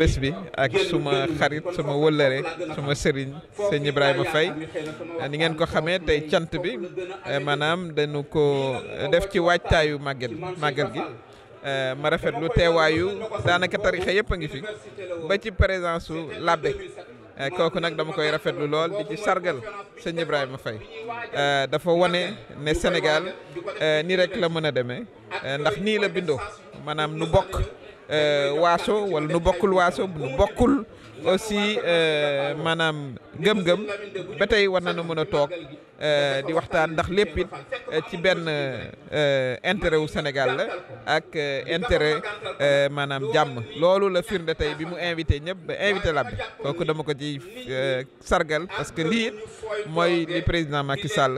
bés bi ak suma xarit suma wëllëre suma sëriñ sëñ Ibrahima Faye ah, ni ngeen ko xamee tey cant bi eh, maanaam dañu ko def ci waajtaayu màggal màggal gi eh, ma rafet lu teewaayu daanaka tarixa yëpp a ngi fi ba ci présence su labbe eh, kooku nag dama koy rafetlu lool di ci sargal sëñ Ibrahima Faye dafa wane ne senegal nii rek la mën a demee ndax nii la bindoo maanaam nu bokk Euh, waaso walla nu bokkul waaso nu bokkul aussi euh, maanaam ngëm-ngëm ba tey war nañu mën a toog euh, di waxtaan ndax lépp it ci benn intérêt wu Sénégal la ak intérêt maanaam jàmm loolu la firnder tey bi mu invité ñëpp ba invité labbe kooku dama ko ci sargal parce que lii it mooy li président Macky sàll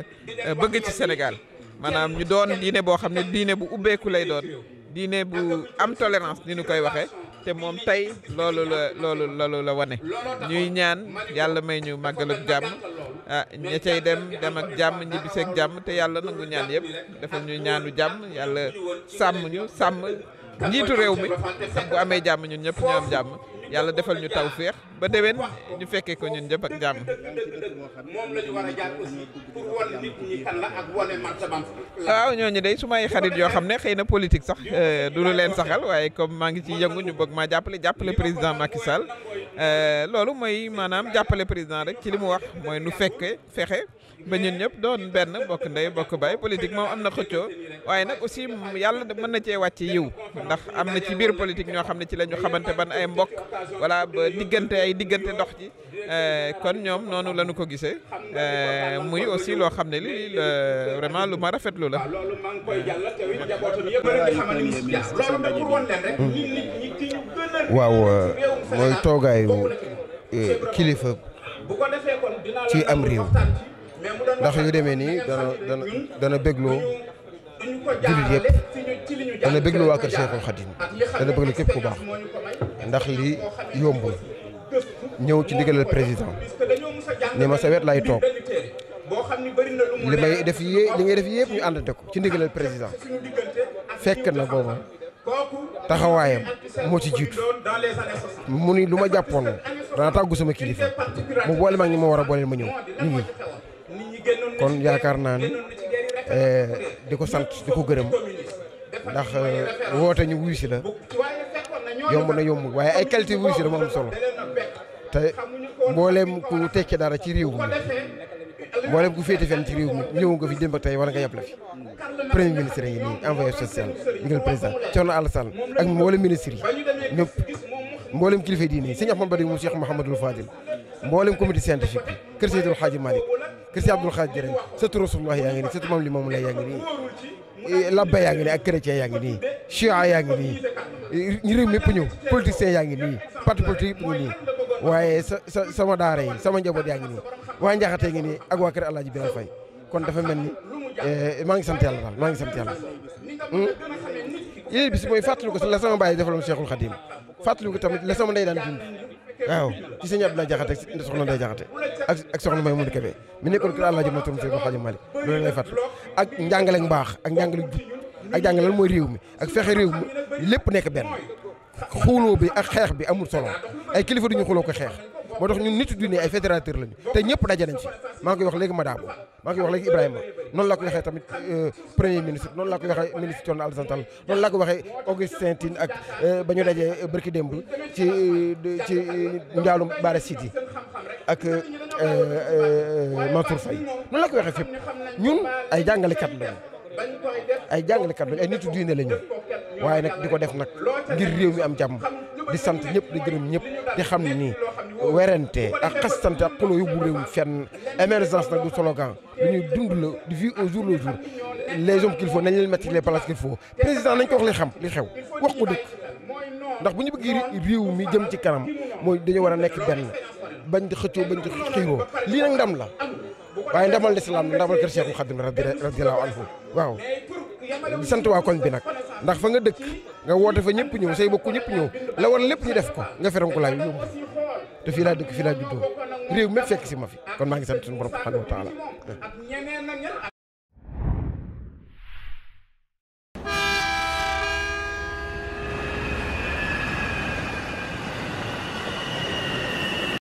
bëgg ci Sénégal maanaam ñu doon diine boo xam ne diine bu ubbeeku lay doon diine bu am tolérance ni ñu koy waxee te moom tey loolu la loolu loolu la wane ñuy ñaan yàlla may ñu màggal ak jàmm ah ña cay dem dem ak jàmm ñibbiseeg jàmm te yàlla nangu ñaan yëpp defal ñu ñaanu jàmm yàlla sàmm ñu sàmm njiitu réew mi ndax bu amee jàmm ñun ñëpp ñu jàmm yàlla defal ñu taw féex ba déwén ñu fekkee ko ñun ñëpp ak jàmm. ñu war a jaar aussi ñi kan la waaw ñooñu day su may xarit yoo xam ne xëy na politique sax euh, du lu leen saxal waaye comme maa ngi ci yëngu ñu bëgg maa jàppale jàppale président Macky Sall euh, loolu mooy maanaam jàppale président rek ci li mu wax mooy nu fekkee fexe. ba ñun ñëpp doon benn bokk ndey bokk baay politique moom am na xëccoo waaye nag aussi yàlla mën na cee wàcc yiw ndax am na ci biir politique ñoo xam ne ci la ñu xamante ban ay mbokk wala ba diggante ay diggante ndox ji euh, kon ñoom noonu lañu ko gisee euh, muy aussi loo xam ne li vraiment lu ma rafetlu la. waaw euh, mooy toogaayu kilifa ci am réew. ndax yu demee nii dana dana dana bégloo jullit yëpp dana bégloo waa kër Cheikhul Khadim dana bégloo képp ku baax ndax li yombul ñëw ci ndigalal président ni ma sa wet lay toog li may def yé li ngay def yëpp ñu àndante ko ci ndigalal président fekk na booba taxawaayam moo ci jiitu mu ni lu ma jàppoon dana tàggu sama kilifa mu boole ma ak ñi ma war a booleel ma ñëw ñu ñii kon yaakaar naa ni eh, di ko sant di ko gërëm ndax eh, woote ñu wuyu si la yomb na yomb waaye ay qualité wuyu si la moo solo te mbooleem ku tekki dara ci réew mi mboolem ku fi fenn ci réew mi ñëw nga fi démb ba tey war nga yàpp la fi premier ministre yi nii envoyé social ndigal président Thierno Alassane ak mboolem ministre yi ñëpp mboolem kilifa diine yi sëñ Ahmad Badawi mu Cheikh Mouhamadul Fadil mboolem comité scientifique bi kër Seydou Xaaji Malick kër Seydou Abdoul Xaaji Jërëm sëtu Rasulullah yaa ngi nii sëtu Maam Limaamu Laay yaa ngi nii eh, labba yaa ngi nii ak chrétien yaa ngi nii chia yaa ngi nii ñu eh, réew mépp ñëw politicien yaa ngi nii parti politique yëpp ngi nii waaye sa sa sama daara yi sama njaboot yaa ngi ni waa Njaxate ngi nii ak waa kër Alaaji Biral Fay kon dafa mel ni eh, maa ngi sant yàlla daal maa ngi sant yàlla yéen hmm? bis mooy fàttali ko la sama bàyyi defaloon Cheikhul Khadim fàttali tamit sama ndey daan dund waaw ci sëñ Abdoulaye Jaxate soxna Ndeye Jaxate ak ak soxna May Munu Kebe mi nekkoon kër Alaaji Matoum Seydou Xaaji Malik loolu lay fàttali ak njàngale baax ak njàngale jub ak njàngale lan mooy réew mi ak fexe réew mi lépp nekk benn xuuloo bi ak xeex bi amul solo ay kilifa duñu xuloo ko xeex moo tax ñun nitu diine ay fédérateur lañu te ñëpp daje nañ fi maa ngi koy wax léegi madame maa ngi koy wax léegi Ibrahima noonu laa ko waxee tamit euh, premier ministre noonu laa ko waxee ministre Thioné Alassane Sall noonu laa ko waxee Augustin Tine ak euh, ba ñu dajee euh, bërki démb ci ci njaalum Bara Sidi ak Mansour Faye noonu laa ay jàngalekat ay jàngalekat lañu ay nitu diine lañu waaye nag di ko def nag ngir réew am jàmm di sant ñëpp di gërëm ñëpp xam werante ak xastante ak xuloo yóbbu réew fenn émergence nag du slogan lu ñuy dund la di vie au jour le jour les hommes qu'il faut nañ leen mettre les places qu'il faut président nañ ko wax li xam li xew wax ko dëkk ndax bu ñu bëgg réew mi jëm ci kanam mooy dañoo war a nekk benn bañ di xëccoo bañ di xiiroo lii nag ndam la waaye ndamal lislaam la ndamal kër Seexul Xadim radiyallaahu anhu waaw di sant waa koñ bi nag ndax fa nga dëkk nga woote fa ñëpp ñëw say bokku ñëpp ñëw la war lépp ñu def ko nga feranku laay yóbbu tu fii laa dëkk fii laa juddoo réew mi fekk si ma fi kon maa ngi sant suñu borom subhanahu wa taala